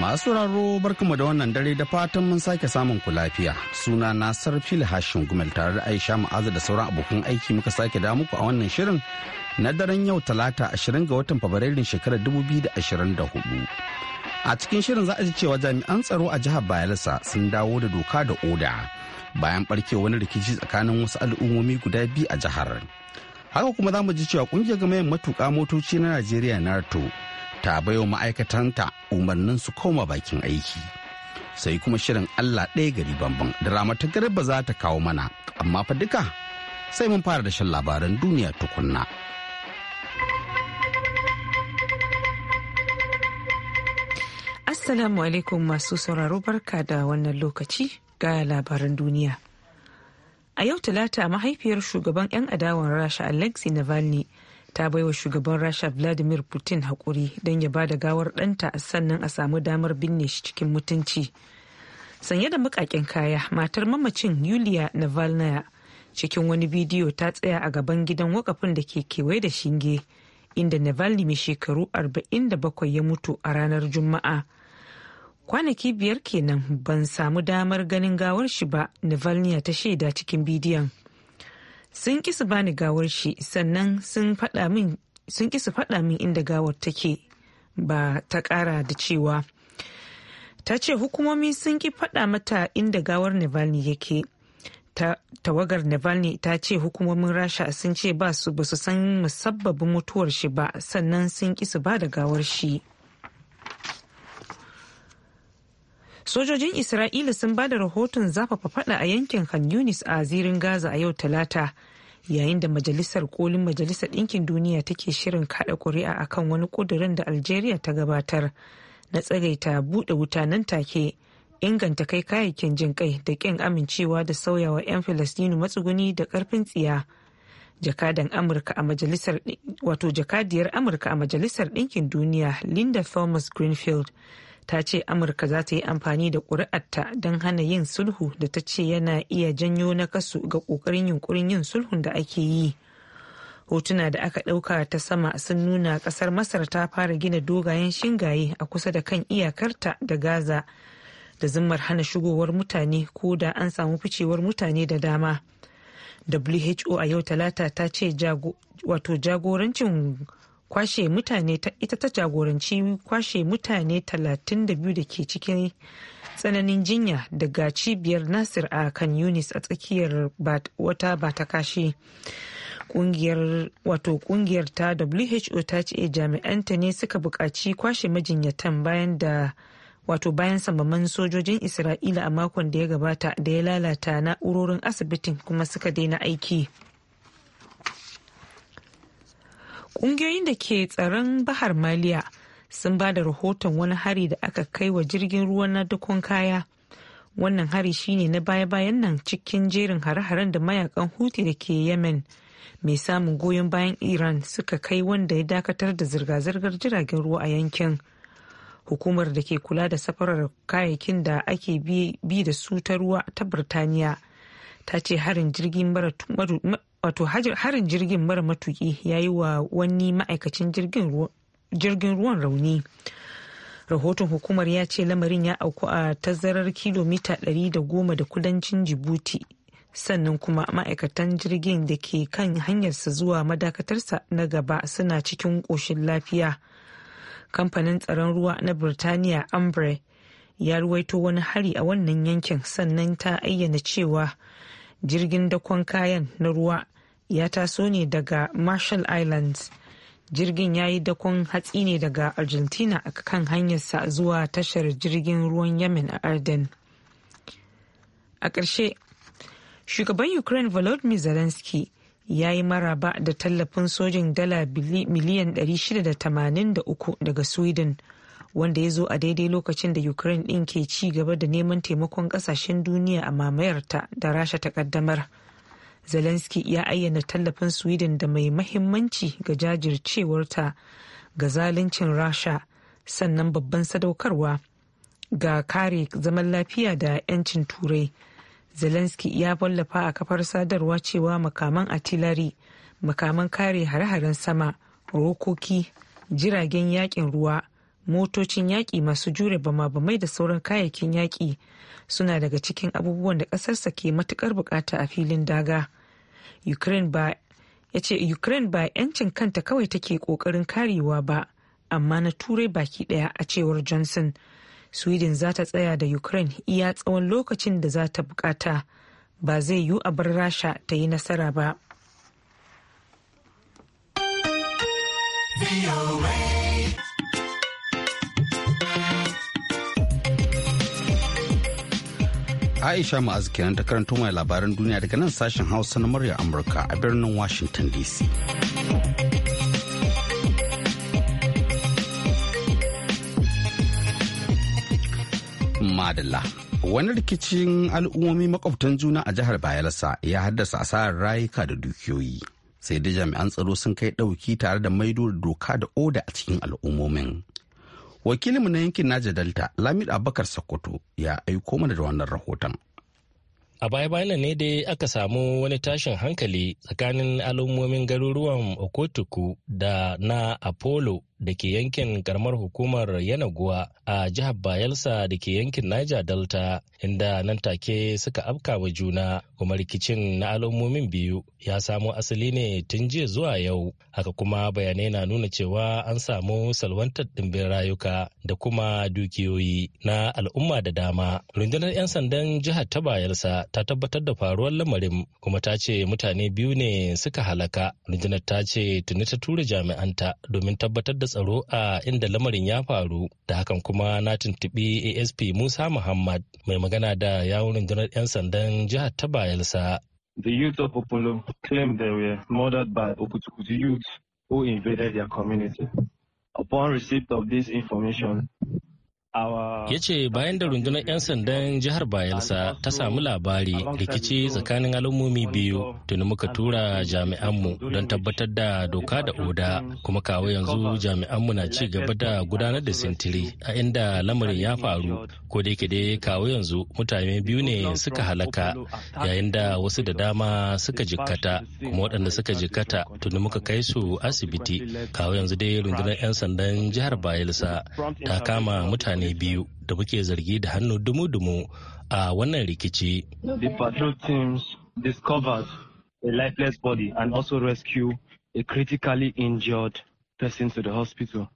Masu sauraro barkamu da wannan dare da fatan mun sake samun ku lafiya. Suna na Sarfil Hashin Gumel tare da Aisha Ma'aza da sauran abokan aiki muka sake da muku a wannan shirin na daren yau Talata 20 ga watan Fabrairun shekarar da hudu. A cikin shirin za a ji cewa jami'an tsaro a jihar Bayelsa sun dawo da doka da oda bayan barke wani rikici tsakanin wasu al'ummomi guda biyu a jihar. Haka kuma za mu ji cewa kungiyar yin matuƙa motoci na Najeriya Narto ta baiwa ma'aikatanta umarnin su koma bakin aiki sai kuma shirin allah ɗaya gari bamban da ta garba za ta kawo mana amma fa duka sai mun fara da shan labaran duniya tukunna assalamu alaikum masu sauraro barka da wannan lokaci ga labaran duniya a yau talata mahaifiyar shugaban 'yan adawan rasha alexei navalny ta baiwa shugaban rasha vladimir putin haƙuri don ya ba da gawar ɗanta sannan a samu damar binne shi cikin mutunci sanye da mukakin kaya matar mamacin yulia navalnaya cikin wani bidiyo ta tsaya a gaban gidan wakafin da ke kewaye da shinge inda navalny mai shekaru 47 ya mutu a ranar juma'a kwanaki biyar kenan ban samu damar ganin gawar shi ba navalny ta shaida cikin bidiyon sun ki su bani gawar shi sannan sun faɗa min min inda gawar take ba ta ƙara da cewa ta ce hukumomi sun ki faɗa mata inda gawar navalny yake tawagar navalny ta ce hukumomin rasha sun ce ba su ba su san musabbabin mutuwar shi ba sannan sun ki ba da gawar shi sojojin isra'ila sun ba da rahoton zafafa fada a yankin khan a zirin gaza a yau talata yayin da majalisar kolin majalisar ɗinkin duniya take shirin kaɗa kuri'a akan wani ƙudurin da algeria ta gabatar na tsagaita buɗe wuta nan take inganta kai kayayyakin jin kai da ƙin amincewa da sauyawa 'yan filistinu matsuguni da ƙarfin tsiya jakadan amurka a majalisar wato jakadiyar amurka a majalisar ɗinkin duniya linda thomas greenfield ta ce amurka za ta yi amfani da ƙuri'arta don hana yin sulhu da ta ce yana iya janyo na kasu ga ƙoƙarin yunkurin yin sulhun da ake yi hotuna da aka ɗauka ta sama sun nuna ƙasar masar ta fara gina dogayen shingaye a kusa da kan iyakarta da gaza da zimmar hana shigowar mutane ko da an samu ficewar mutane da dama who a yau talata ta ce wato jagorancin kwashe mutane ita ta jagoranci kwashe mutane 32 da ke cikin tsananin jinya daga cibiyar nasir a kan yunis a tsakiyar wata bata kashe kungiyar wato kungiyar ta who ta ce jami'anta ne suka buƙaci kwashe majinyatan bayan da wato bayan samaman sojojin isra'ila a makon da ya gabata da ya lalata na'urorin asibitin kuma suka daina aiki. Ƙungiyoyin da ke tsaron Bahar Maliya sun ba da rahoton wani hari da aka kai wa jirgin ruwa na dukkan kaya. Wannan hari shine na baya-bayan nan cikin jerin hare-haren da mayakan huti da ke Yemen mai samun goyon bayan Iran suka kai wanda ya dakatar da zirga-zirgar jiragen ruwa a yankin. Hukumar da ke kula da safarar kayayyakin da ake bi da su ta ruwa ta Birtaniya ta ce harin jirgin mara wato harin jirgin mara matuki ya yi wa wani ma'aikacin jirgin ruwan rauni rahoton hukumar ya ce lamarin ya auku a tazarar kilomita 110 da kudancin jibuti sannan kuma ma'aikatan jirgin da ke kan hanyarsa zuwa madakatarsa na gaba suna cikin ƙoshin lafiya kamfanin tsaron ruwa na birtaniya ambre ya ruwaito wani hari a wannan yankin sannan ta ayyana cewa jirgin dakon kayan na ruwa ya taso ne daga marshall islands jirgin ya yi dakon hatsi ne daga argentina a kan hanyarsa zuwa tashar jirgin ruwan yemen a arden a ƙarshe shugaban ukraine volodymyr zelensky ya yi maraba da tallafin sojin dala miliyan 683 daga sweden wanda ya zo a daidai lokacin da ukraine ɗin ke ci gaba da neman taimakon ƙasashen duniya a mamayarta da rasha ta ƙaddamar. zelensky ya ayyana tallafin sweden da mai mahimmanci ga jajircewarta ga zaluncin rasha sannan babban sadaukarwa ga kare zaman lafiya da 'yancin turai zelensky ya wallafa a kafar sadarwa cewa makaman atilari makaman kare hare-haren sama rokoki jiragen yakin ruwa motocin yaƙi masu jure bama-bamai da sauran kayayyakin yaƙi suna daga cikin abubuwan da ƙasarsa ke matuƙar buƙata a filin daga ukraine ba 'yancin kanta kawai take ƙoƙarin karewa ba amma na turai baki ɗaya a cewar johnson sweden za ta tsaya da ukraine iya tsawon lokacin da za ta buƙata ba zai yiwu a bar rasha ta yi nasara ba. Aisha Ma'az kenan ta karanto mai labaran duniya daga nan sashen Hausa na murya Amurka a birnin Washington DC. Madalla. Wani rikicin al'ummomi makwabtan juna a jihar Bayelsa ya haddasa asarar rayuka da dukiyoyi. Sai da jami'an tsaro sun kai ɗauki tare da maido da doka da oda a cikin al'ummomin. wakilinmu na yankin naja delta lamid Abubakar sokoto ya aiko mana da wannan rahoton a baya-bayan ne dai aka samu wani tashin hankali tsakanin al'ummomin garuruwan okotuku da na apollo da ke yankin karamar hukumar Yanaguwa a jihar Bayelsa da ke yankin Niger Delta inda nan take suka afka wa juna kuma rikicin na al'ummomin biyu ya samo asali ne tun jiya zuwa yau haka kuma bayanai na nuna cewa an samu salwantar dimbin rayuka da kuma dukiyoyi na al'umma da dama. Rundunar 'yan sandan jihar ta Bayelsa ta tabbatar da faruwar lamarin kuma ta ce mutane biyu ne suka halaka. Rundunar ta ce tuni ta tura jami'anta domin tabbatar da tsaro a inda lamarin ya faru da hakan kuma na tuntuɓi asp musa muhammad mai magana da yawon rundunar 'yan sandan jihar ta bayelsa The youth of Opolo claim they were murdered by Okutukutu youth who invaded their community. Upon receipt of this information, ya ce bayan da rundunar 'yan sandan jihar bayelsa ta samu labari rikici tsakanin al'ummomi biyu tuni muka tura jami'anmu don tabbatar da doka da oda kuma kawo yanzu jami'anmu na ci gaba da gudanar da sintiri a inda lamarin ya faru ko da yake dai kawo yanzu mutane biyu ne suka halaka yayin da wasu da dama suka jikkata kuma waɗanda suka jikkata tuni muka kai su asibiti kawo yanzu dai rundunar 'yan sandan jihar bayelsa ta kama mutane mutane biyu da muke zargi da hannu dumu-dumu a wannan rikici. The patrol teams discovered a lifeless body and also rescue a critically injured person to the hospital.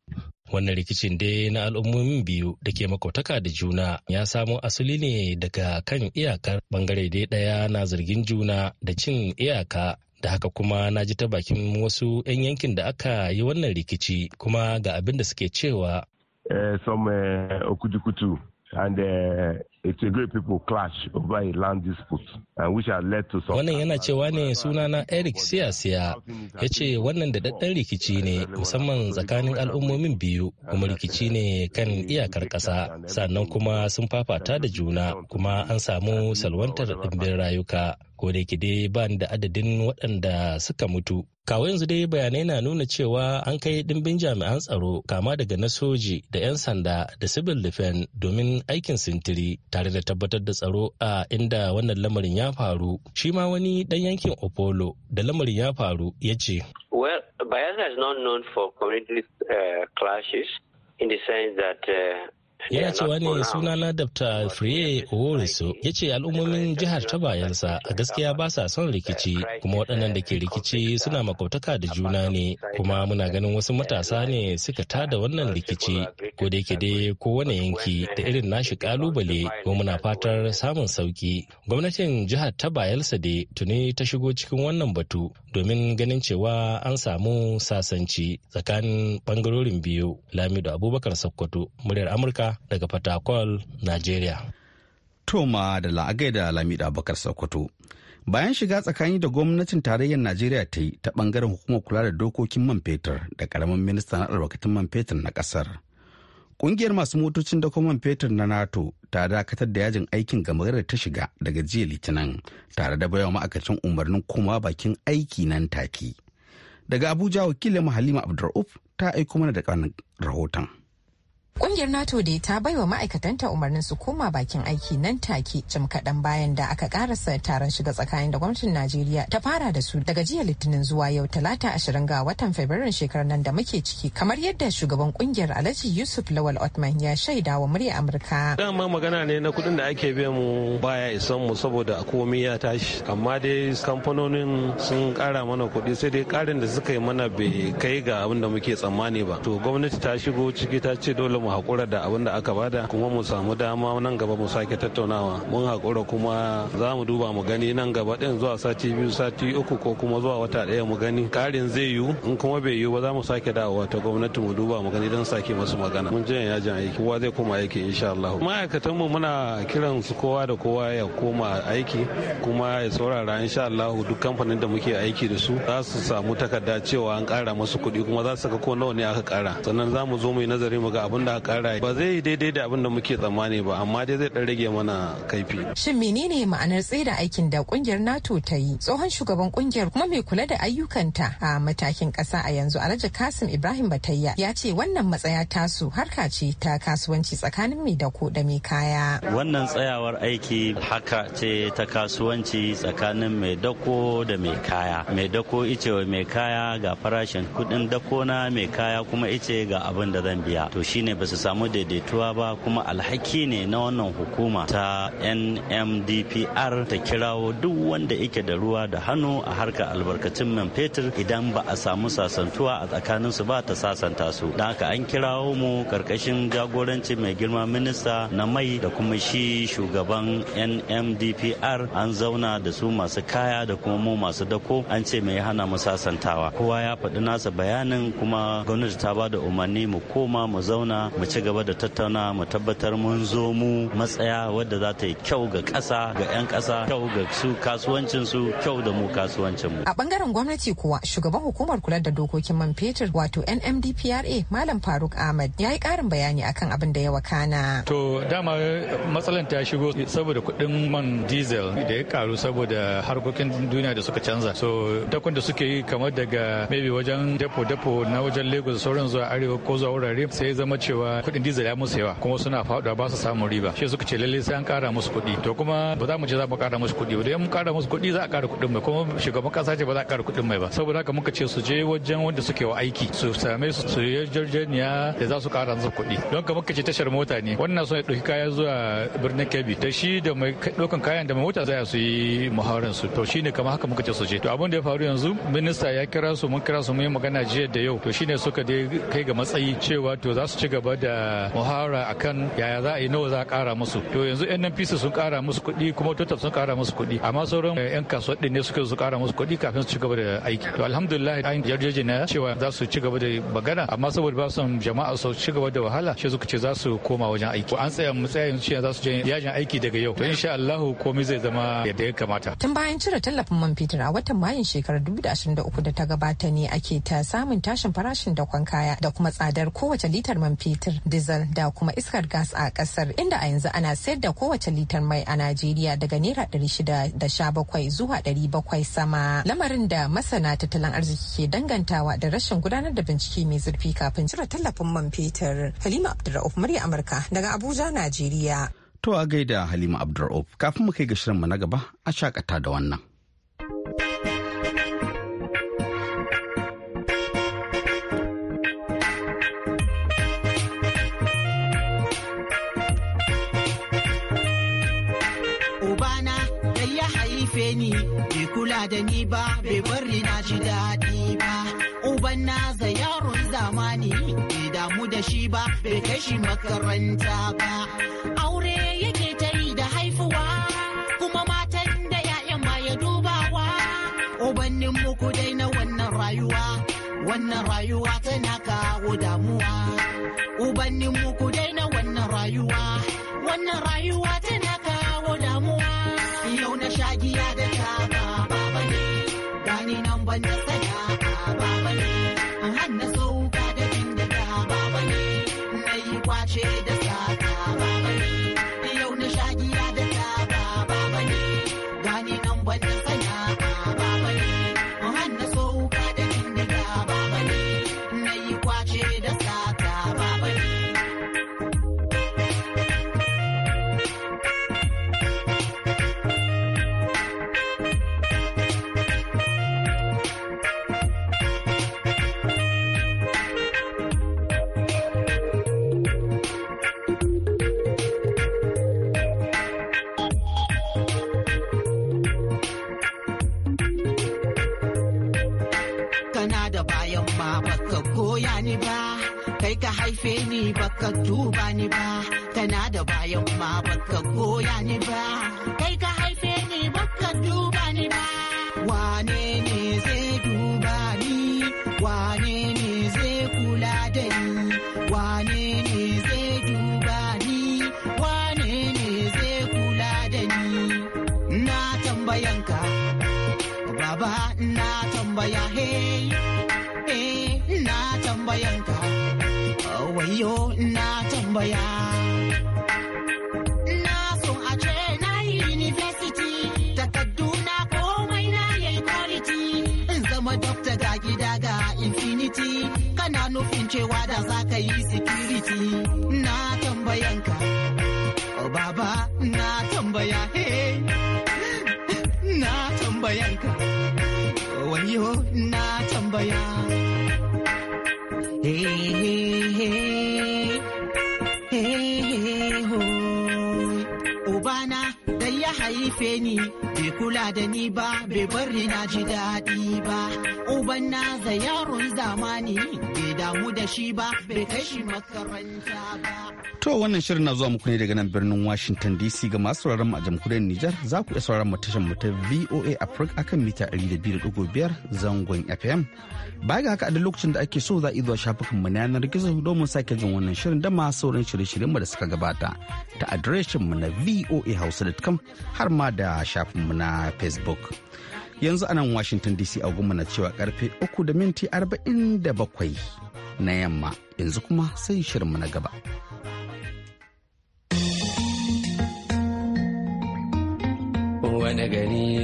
Wannan rikicin dai na al'ummomin biyu da ke makautaka da juna ya samo asali ne daga kan iyakar bangare dai daya na zargin juna da cin iyaka da haka kuma na ji ta bakin wasu 'yan yankin da aka yi wannan rikici kuma ga abin da suke cewa uh, some uh, Okudukutu and uh, great people clash over a land dispute and which has led to some wannan yana cewa ne sunana Eric Siyasiya ya ce wannan da daddan rikici ne musamman tsakanin al'ummomin biyu kuma rikici ne kan iyakar kasa sannan kuma sun fafata da juna kuma an samu salwantar ɗimbin rayuka ko da yake dai ba da adadin waɗanda suka mutu kawo yanzu dai bayanai na nuna cewa an kai ɗimbin jami'an tsaro kama daga na soji da 'yan sanda da civil defense domin aikin sintiri tare da tabbatar da tsaro a inda wannan lamarin ya faru shi ma wani ɗan yankin opolo da lamarin ya faru ya ce well bayelsa is not known for community uh, clashes in the sense that uh, yana cewa ne sunana dr friye oworiso ya ce al'ummomin jihar ta bayansa a gaskiya ba sa son rikici kuma waɗannan da ke rikici suna makautaka da juna ne kuma muna ganin wasu matasa ne suka tada wannan rikici ko da yake dai ko wani yanki da irin nashi kalubale ko muna fatar samun sauki gwamnatin jihar ta bayelsa dai tuni ta shigo cikin wannan batu domin ganin cewa an samu sasanci tsakanin bangarorin biyu lamido abubakar sokoto muryar amurka daga fatakwal nigeria toma da la'agai da lamida bakar sokoto bayan shiga tsakani da gwamnatin tarayyar najeriya ta yi ta bangaren hukumar kula da dokokin man fetur da karamin minista na albarkatun man fetur na ƙasar, ƙungiyar masu motocin da man fetur na nato ta dakatar da yajin aikin gamarar ta shiga daga jiya litinin tare da bayan ma'aikacin umarnin koma bakin aiki nan take daga abuja wakilin halima abdur'uf ta aiko mana da rahoton. Kungiyar NATO dai ta bai wa ma'aikatanta umarnin su koma bakin aiki nan take jim kaɗan bayan da aka karasa taron shiga tsakanin da gwamnatin Najeriya ta fara da su daga jiya Litinin zuwa yau Talata ashirin ga watan Fabrairu shekarar nan da muke ciki kamar yadda shugaban kungiyar Alhaji Yusuf Lawal Otman ya shaida wa murya Amurka. Dama magana ne na kuɗin da ake biya mu baya isan mu saboda komai ya tashi amma dai kamfanonin sun ƙara mana kuɗi sai dai ƙarin da suka yi mana bai kai ga abin da muke tsammani ba. To gwamnati ta shigo ciki ta ce dole mu haƙura da abin da aka bada kuma mu samu dama nan gaba mu sake tattaunawa mun haƙura kuma za mu duba mu gani nan gaba ɗin zuwa sati biyu sati uku ko kuma zuwa wata ɗaya mu gani ƙarin zai yiwu in kuma bai yiwu ba za mu sake dawowa ta gwamnati mu duba mu gani don sake masu magana mun jiya yajin aiki kowa zai koma aiki insha Allah ma'aikatan mu muna kiran su kowa da kowa ya koma aiki kuma ya saurara insha Allah duk kamfanin da muke aiki da su za su samu takarda cewa an kara musu kuɗi kuma za su ga ko nawa ne aka ƙara sannan za mu zo mu yi nazari mu ga abin da a kara ba zai yi daidai da abin da muke tsammani ba amma dai zai dan rage mana kaifi shin menene ma'anar tsaida aikin da kungiyar nato ta yi tsohon shugaban kungiyar kuma mai kula da ayyukanta a matakin kasa a yanzu alhaji kasim ibrahim batayya ya ce wannan matsaya tasu harka ce ta kasuwanci tsakanin mai da da mai kaya wannan tsayawar aiki haka ce ta kasuwanci tsakanin mai dako da mai kaya mai dako ice wa mai kaya ga farashin kudin dako na mai kaya kuma ice ga abin da zan biya to shine ba su samu daidaituwa ba kuma alhaki ne na wannan hukuma ta nmdpr ta kirawo duk wanda yake da ruwa da hannu a harkar albarkacin man fetur idan ba a samu sasantuwa a tsakanin su ba ta sasanta su don haka an kirawo mu karkashin jagoranci mai girma minista na mai da kuma shi shugaban nmdpr an zauna da su masu kaya da kuma mu masu dako an ce mai hana mu sasantawa kowa ya faɗi nasa bayanin kuma gwamnati ta ba da umarni mu koma mu zauna mu ci gaba da tattauna mu tabbatar mun zo mu matsaya wadda za ta yi kyau ga ƙasa ga 'yan ƙasa kyau ga su kasuwancin su kyau da mu kasuwancin mu. A bangaren gwamnati kuwa shugaban hukumar kula da dokokin man fetur wato NMDPRA Malam Faruk Ahmad ya yi ƙarin bayani akan abin da ya wakana. To dama matsalan ta shigo saboda kuɗin man diesel da ya karu saboda harkokin duniya da suka canza. So dakon da suke yi kamar daga maybe wajen depo depo na wajen Lagos sauran zuwa arewa ko zuwa wurare sai zama cewa cewa kuɗin dizal ya musu yawa kuma suna faɗuwa ba su samun riba shi suka ce lalle sai an ƙara musu kuɗi to kuma ba za mu ce za mu ƙara musu kuɗi ba don mun ƙara musu kuɗi za a ƙara kuɗin mai kuma shugaban ƙasa ce ba za a ƙara kuɗin mai ba saboda haka muka ce su je wajen wanda suke wa aiki su same su su yarjejeniya da za su ƙara musu kuɗi don ka muka ce tashar mota ne wannan sun ɗauki kaya zuwa birnin kebbi da shi da mai ɗaukan kayan da mai mota za su yi muhawarar su to shine kamar haka muka ce su je to abin da ya faru yanzu minista ya kira su mun kira su mun yi magana jiya da yau to shine suka dai kai ga matsayi cewa to za su ci gaba da muhawara akan yaya za a yi nawa za a kara musu to yanzu yan NPC sun kara musu kuɗi kuma total sun kara musu kuɗi amma sauran yan eh, kasuwa ɗin ne suke su kara musu kuɗi kafin su ci gaba da aiki to alhamdulillah an na cewa za su ci gaba da magana amma saboda ba son jama'a su ci gaba da wahala shi suka ce za su koma wajen aiki an tsaya mu tsaya yanzu za su je yajin aiki daga yau to insha Allah komai zai zama yadda ya kamata tun bayan cire tallafin man fetur a watan mayun shekarar 2023 da ta gabata ne ake ta samun tashin farashin dakon kaya da kuma tsadar kowace litar man fetur fetur diesel da kuma iskar gas a kasar inda a yanzu ana sayar da kowace litar mai a najeriya daga naira ɗari shida da sha bakwai zuwa ɗari bakwai sama lamarin da masana tattalin arziki ke dangantawa da rashin gudanar da bincike mai zurfi kafin cire tallafin man fetur halima abdulrauf murya amurka daga abuja najeriya To a gaida Halima Abdur'uf kafin mu kai ga shirin mu na gaba a shakata da wannan. da ni ba bai bari na shi daɗi ba uban za yaron zamani bai damu da shi ba bai kai shi makaranta ba aure yake ta yi da haifuwa kuma matan da ya'yan ma ya dubawa ubannin muku dai na wannan rayuwa wannan rayuwa tana kawo damuwa ubannin muku dai na wannan rayuwa wannan rayuwa tana kawo damuwa yau na shagiya da taba wata sana'a a bane, an hanna sauka da bindiga ba bane, mai kwace da infinity kana nufin cewa da za ka yi security na tambayanka oh, baba na tambaya hey na tambayanka oh, wayo na tambaya hey hey hey hey hey ho ubana da ya haife ni bai kula da ni ba bai bari na ji daɗi ba uban na za yaron zamani bai damu da shi ba bai kai shi makaranta ba to wannan shirin na zuwa muku ne daga nan birnin washington dc ga masu sauraron mu a jamhuriyar nijar za ku iya sauraron mu mu ta voa africa akan mita 200.5 zangon fm baya ga haka a da lokacin da ake so za a zuwa shafukan mu na yanar gizo domin sake jin wannan shirin da masu sauran shirye-shiryen mu da suka gabata ta adireshin mu na voa hausa.com har ma da shafin mu na facebook yanzu anan washington dc agunmu na cewa karfe 3 da minti 47 na yamma yanzu kuma sai shirinmu na gaba wani gari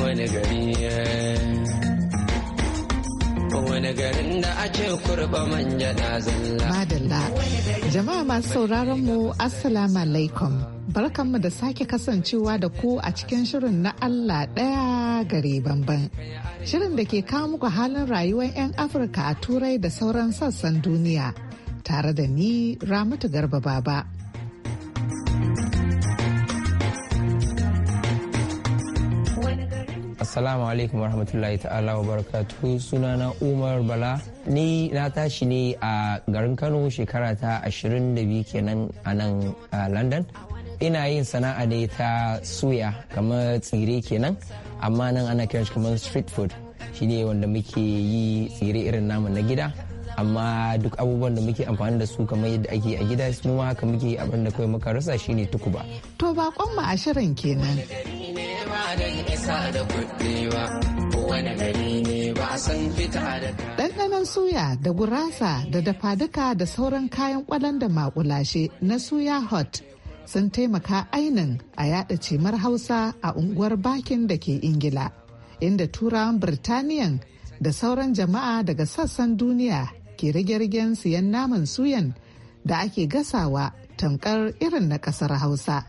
wani gari wani garin da ake kurba manja na zalla. Madalla, jama'a masu sauraron mu Assalamu alaikum. Barkanmu da sake kasancewa da ku a cikin shirin na Allah ɗaya gare banban. Shirin da ke kawo muku halin rayuwar 'yan Afirka a Turai da sauran sassan duniya. Tare da ni Ramatu Garba Baba. Assalamu alaikum warahmatullahi ta'ala wa barakatu sunana Umar Bala. Ni na tashi ne a garin Kano shekara ta 22 kenan a nan London. Ina yin sana'a ne ta suya kamar tsire kenan amma nan ana kiran shi kamar street food. Shi ne wanda muke yi tsire irin namu na gida. amma duk abubuwan da muke amfani da su kamar yadda ake a gida su ma haka muke abin da kawai muka rasa shine tukuba to kon mu a shirin kenan Ɗanɗanon suya da gurasa da dafaduka da sauran kayan kwalan da makulashe na suya hot sun taimaka ainin a yada cimar hausa a unguwar bakin da ke ingila inda turawan birtaniyan da sauran jama'a daga sassan duniya ke rage-ragen siyan naman suyan da ake gasawa tamkar irin na kasar hausa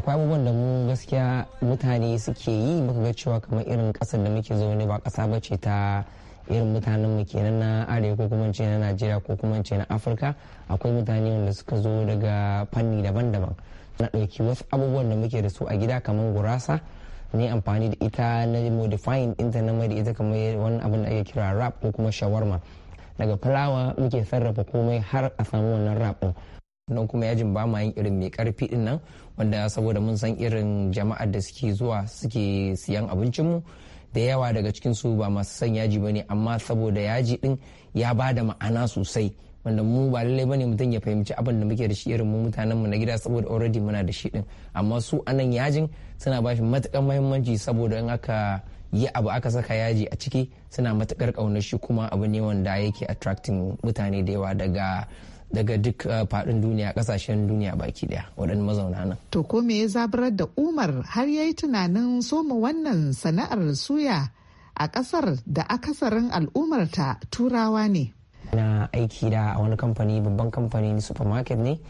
akwai abubuwan da mu gaskiya mutane suke yi muka ga cewa kamar irin kasar da muke zo zaune ba kasa ba ce ta irin mutanen mu kenan na arewa ko kuma na najeriya ko kuma na afirka akwai mutane wanda suka zo daga fanni daban-daban na ɗauki wasu abubuwan da muke da su a gida kamar gurasa ne amfani da ita na modifying internet mai da ita kamar wani abin da ake kira rap ko kuma shawarma daga fulawa muke sarrafa komai har a samu wannan rap din nan kuma yajin ba ma yin irin mai karfi din nan wanda saboda mun san irin jama'ar da suke zuwa suke siyan abincinmu da yawa daga cikin su ba masu san yaji bane amma saboda yaji din ya ba da ma'ana sosai wanda mu ba lallai bane mutum ya fahimci abin da muke da shi irin mu mutanen mu na gida saboda already muna da shi din amma su anan yajin suna ba shi matukan muhimmanci saboda in aka yi abu aka saka yaji a ciki suna matukar ƙaunar shi kuma abu ne wanda yake attracting mutane da yawa daga daga duk uh, faɗin duniya ƙasashen duniya baki ɗaya waɗannan mazauna nan. To ko me ya zaburar da Umar har ya yi tunanin soma wannan sana'ar suya a ƙasar da akasarin al'ummarta turawa ne. Na aiki da a wani kamfani babban kamfani supermarket ne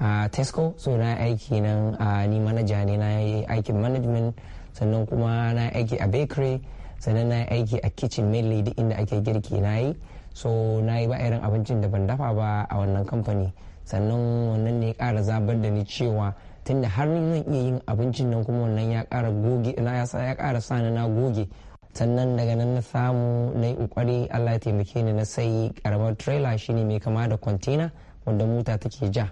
a uh, Tesco so na aiki nan uh, ni manaja ne na aikin management sannan kuma na aiki a bakery sannan na aiki a kitchen main lady inda ake girki na yi so na yi ba abincin da ban dafa ba a wannan kamfani sannan wannan ne ƙara zabar da ni cewa tunda har ni zan iya yin abincin nan kuma wannan ya ƙara goge na ya ƙara sa na goge sannan daga nan na samu na yi ƙoƙari Allah ya taimake ni na sai karamar trailer shine mai kama da container wanda mota take ja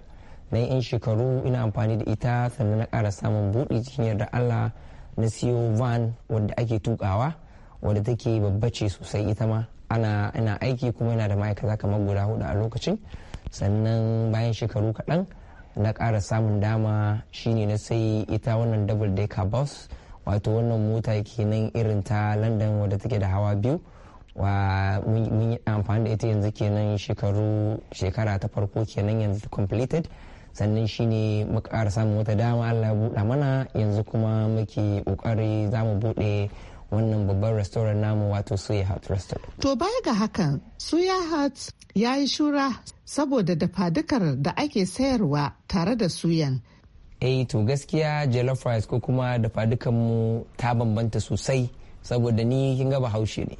na yi 'yan shekaru ina amfani da ita sannan na kara samun buɗe cikin yarda Allah na siyo van wadda ake tukawa wadda take babbace sosai ita ma ana ina aiki kuma yana da ma'aikata kamar guda hudu a lokacin sannan bayan shekaru kaɗan na ƙara samun dama shine na sai ita wannan double decker bus wato wannan mota kenan irin ta london wadda take da hawa biyu wa mun yi amfani da ita yanzu kenan shekara ta farko kenan yanzu completed sannan shine muka ƙara samun wata dama allah ya buɗa mana yanzu kuma muke ƙoƙari za mu buɗe wannan babban restaurant namu wato suya hut restaurant to baya ga hakan suya hut ya yi shura saboda dafadukar da ake sayarwa tare da suyan eh to gaskiya jollof rice ko kuma dafadukan mu ta bambanta sosai saboda ni kin ga bahaushe ne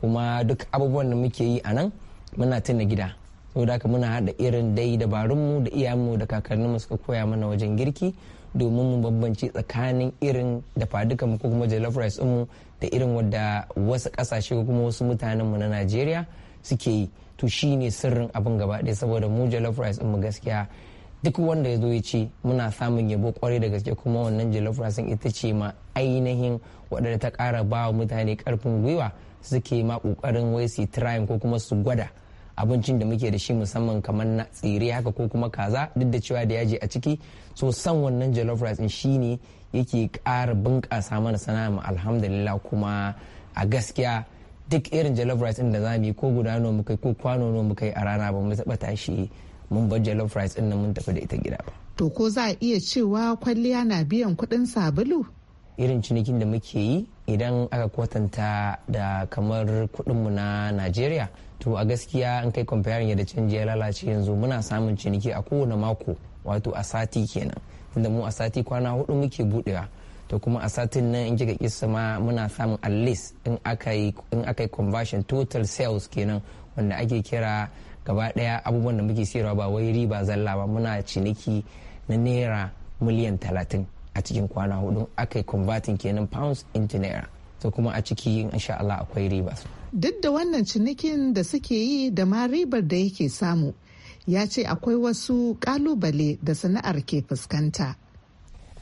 kuma duk abubuwan da muke yi anan muna tuna gida saboda haka muna haɗa irin dai dabarunmu da iyamu da kakanninmu suka koya mana wajen girki domin mu bambanci tsakanin irin dafa dukan ko kuma jollof rice mu da irin wadda wasu kasashe ko kuma wasu mutanen mu na Najeriya suke yi to shine sirrin abin gaba ɗaya saboda mu jollof rice mu gaskiya duk wanda ya zo ya ce muna samun yabo kwarai da gaske kuma wannan jollof rice ita ce ma ainihin wadda ta kara ba mutane karfin gwiwa suke ma kokarin wai su ko kuma su gwada abincin da muke da shi musamman kamar na tsire haka ko kuma kaza duk da cewa da yaji a ciki so san wannan jollof rice din ne yake ƙara bunƙasa mana sana'a mu alhamdulillah kuma a gaskiya duk irin jollof rice din da za mu yi ko guda nawa muka ko kwano nawa muka a rana ba mu taɓa tashi mun bar jollof rice din nan mun tafi da ita gida ba to ko za a iya cewa kwalliya na biyan kuɗin sabulu irin cinikin da muke yi idan aka kwatanta da kamar kuɗinmu na najeriya to a gaskiya in kai comparing yadda canji ya lalace yanzu muna samun ciniki a kowane mako wato a sati kenan tunda mu a sati kwana hudu muke budewa to kuma a satin nan in kika kisa ma muna samun at least in aka yi conversion total sales kenan wanda ake kira gaba daya abubuwan da muke siyarwa ba wai riba zalla ba muna ciniki na naira miliyan talatin a cikin kwana hudu aka yi converting kenan pounds into naira to kuma a ciki insha Allah akwai riba duk da wannan cinikin da suke yi da ma ribar da yake samu ya ce akwai wasu kalubale da sana'ar ke fuskanta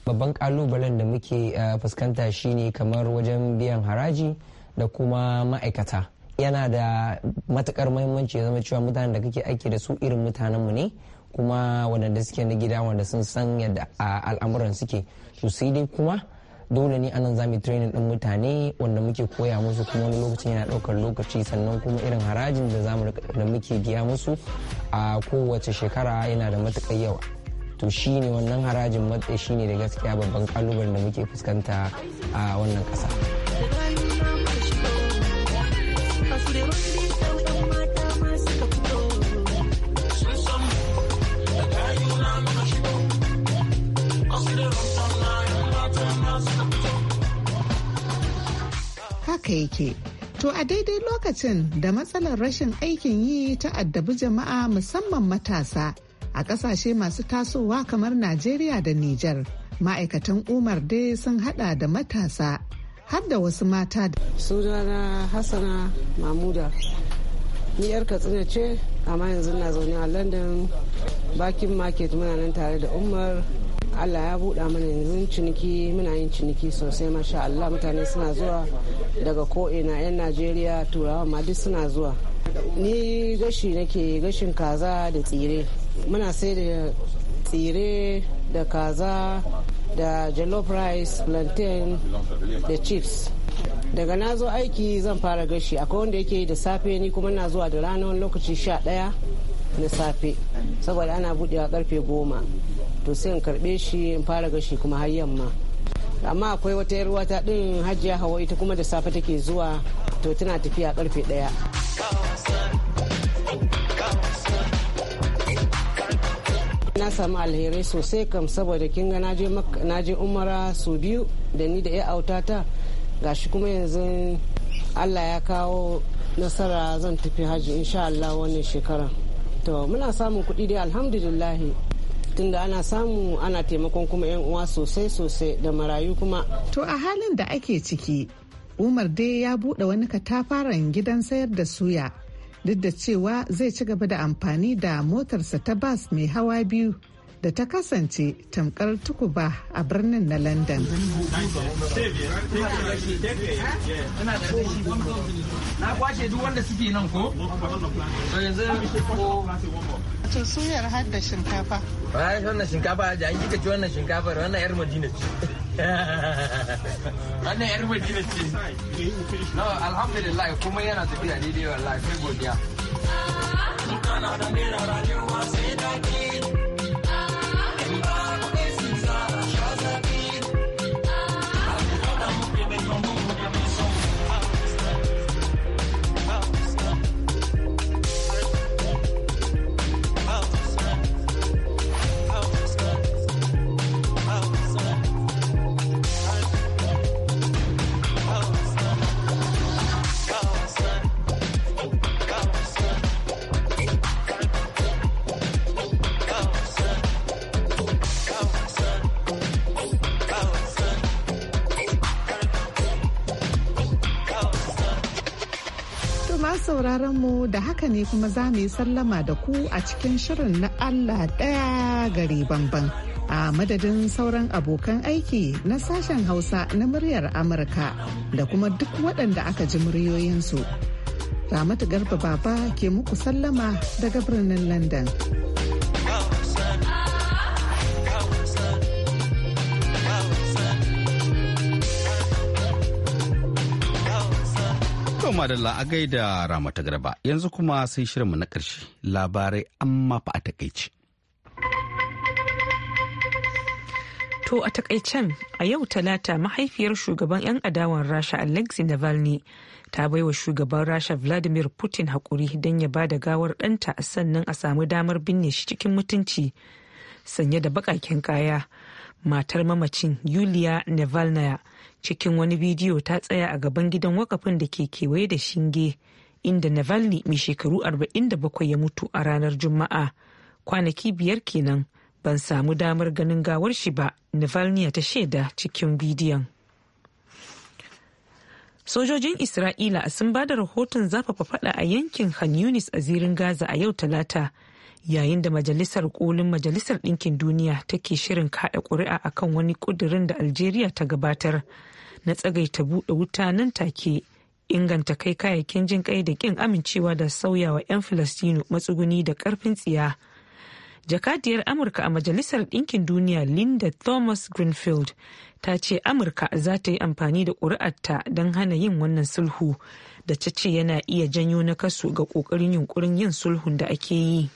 babban kalubalen da muke eh, fuskanta shine kamar wajen biyan haraji da kuma ma'aikata yana da matukar muhimmanci zama cewa mutanen da kake aiki da su irin mutanenmu ne kuma waɗanda suke na gida wanda sun san yadda al'amuran suke to sai dai kuma dole ne anan za mu training din mutane wanda muke koya musu kuma wani lokacin yana daukar lokaci sannan kuma irin harajin da zamu da muke biya musu a kowace shekara yana da matukar yawa to shine wannan harajin matsayi shine da gaskiya babban kalubalen da muke fuskanta a wannan kasa. haka yake. To a daidai lokacin da matsalar rashin aikin yi ta addabi jama'a musamman matasa a ƙasashe masu tasowa kamar Najeriya da Nijar. Ma'aikatan Umar dai sun hada da matasa har da wasu mata. da Sunana Hassana Mamuda. Ni yar Katsina ce, amma yanzu na zaune a London bakin market muna nan tare da Umar allah ya buɗa mana yanzu ciniki muna yin ciniki sosai masha allah mutane suna zuwa daga ko'ina 'yan najeriya turawa ma duk suna zuwa ni gashi nake gashin kaza da tsire muna sai da tsire da kaza da jollof rice plantain da chips daga na zo aiki zan fara gashi akwai wanda yake da safe ni kuma na zuwa da ranar lokaci sha ɗaya na safe saboda ana buɗewa karfe goma to sai in karbe shi in fara gashi kuma har yamma amma akwai wata yar wata din hajiya hawa ita kuma da safe take zuwa to tana tafiya karfe daya na samu alherai sosai kam saboda kin ga je umara su biyu da ni da ya autata gashi kuma yanzu allah ya kawo nasara zan tafi hajji insha allah wannan shekara to muna samun kuɗi dai alhamdulillahi tunda ana samu ana taimakon kuma 'yan uwa sosai sosai da marayu kuma to a halin da ake ciki umar dai ya buɗe wani katafaren gidan sayar da suya duk da cewa zai ci gaba da amfani da motarsa ta bas mai hawa biyu da ta kasance tamkar tukuba a birnin na london na kwashe duk wanda suke nan ko? yanzu ko to suyar har da shinkafa bayan wannan shinkafa da an kika ci wannan shinkafar wannan yar madina ce wannan yar madina ce no alhamdulillah kuma yana tafiya daidai wallahi sai godiya Kana da mera rayuwa sai daki haka ne kuma za mu yi sallama da ku a cikin shirin na Allah ɗaya gari banban. a madadin sauran abokan aiki na sashen hausa na muryar amurka da kuma duk waɗanda aka ji muryoyinsu ramatu garba baba ke muku sallama daga birnin london madalla a gaida rama ta garba yanzu kuma sai shirinmu na ƙarshe labarai amma fa a takaici. To a takaicen a yau talata mahaifiyar shugaban 'yan adawan Rasha Alexei Navalny ta baiwa shugaban Rasha Vladimir Putin haƙuri don ya bada gawar ɗanta sannan a samu damar binne shi cikin mutunci sanye da baƙaƙen kaya. Matar mamacin Yulia Navalnaya cikin wani bidiyo ta tsaya a gaban gidan wakafin da ke kewaye da shinge inda navalny mai shekaru 47 ya mutu a ranar juma'a kwanaki biyar kenan ban samu damar ganin gawar shi ba navalny ta shaida cikin bidiyon sojojin isra'ila sun ba da rahoton zafafa fada a yankin hanunis yunis a zirin gaza a yau talata yayin da majalisar kolin majalisar ɗinkin duniya take shirin kada ƙuri'a akan wani ƙudurin da algeria ta gabatar na tsagaita buɗe wuta nan take inganta kai kayayyakin jin kai da ƙin amincewa da sauyawa 'yan filistino matsuguni da ƙarfin tsiya jakadiyar amurka a majalisar ɗinkin duniya linda thomas greenfield ta ce amurka za ta yi amfani da ƙuri'arta don hana yin wannan sulhu da ta ce yana iya janyo na kasu ga ƙoƙarin yunƙurin yin sulhun da ake yi.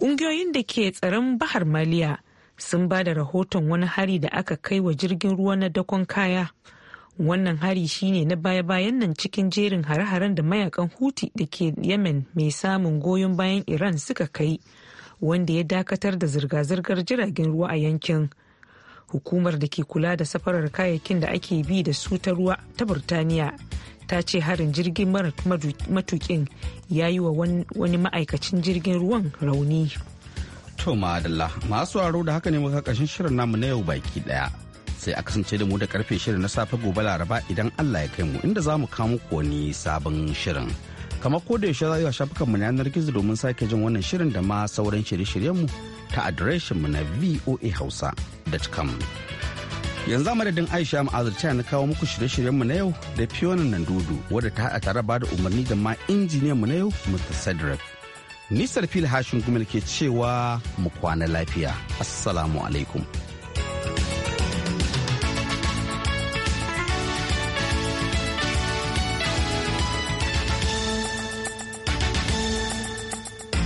Ƙungiyoyin da ke tsaron Bahar Maliya sun ba da rahoton wani hari da aka kai wa jirgin ruwa na dakon kaya. Wannan hari shine na baya-bayan nan cikin jerin hare-haren da mayakan Huti da ke Yemen mai samun goyon bayan Iran suka kai, wanda ya dakatar da zirga-zirgar jiragen ruwa a yankin. hukumar da ke kula da safarar kayayyakin da ake bi da su ta ruwa ta burtaniya ta ce harin jirgin mara matukin ya yi wa wani ma'aikacin jirgin ruwan rauni to ma'adalla masu aro da haka ne muka kashin shirin namu na yau baki daya sai a kasance da mu da karfe shirin na safe gobe laraba idan allah ya kai mu inda za mu kamo wani sabon shirin kamar ko da yaushe za a shafukanmu na yanar gizo domin sake jin wannan shirin da ma sauran shirye-shiryenmu mu ta mu na voahausa.com. Yanzu madadin Aisha Ma'azirce na kawo muku shirye-shiryenmu na yau da Fiona Nandudu wadda ta haɗa tare bada umarni da ma injiniyanmu na yau Mr. Cedric. Nisar fil hashin gumel ke cewa mu kwana lafiya. Assalamu alaikum.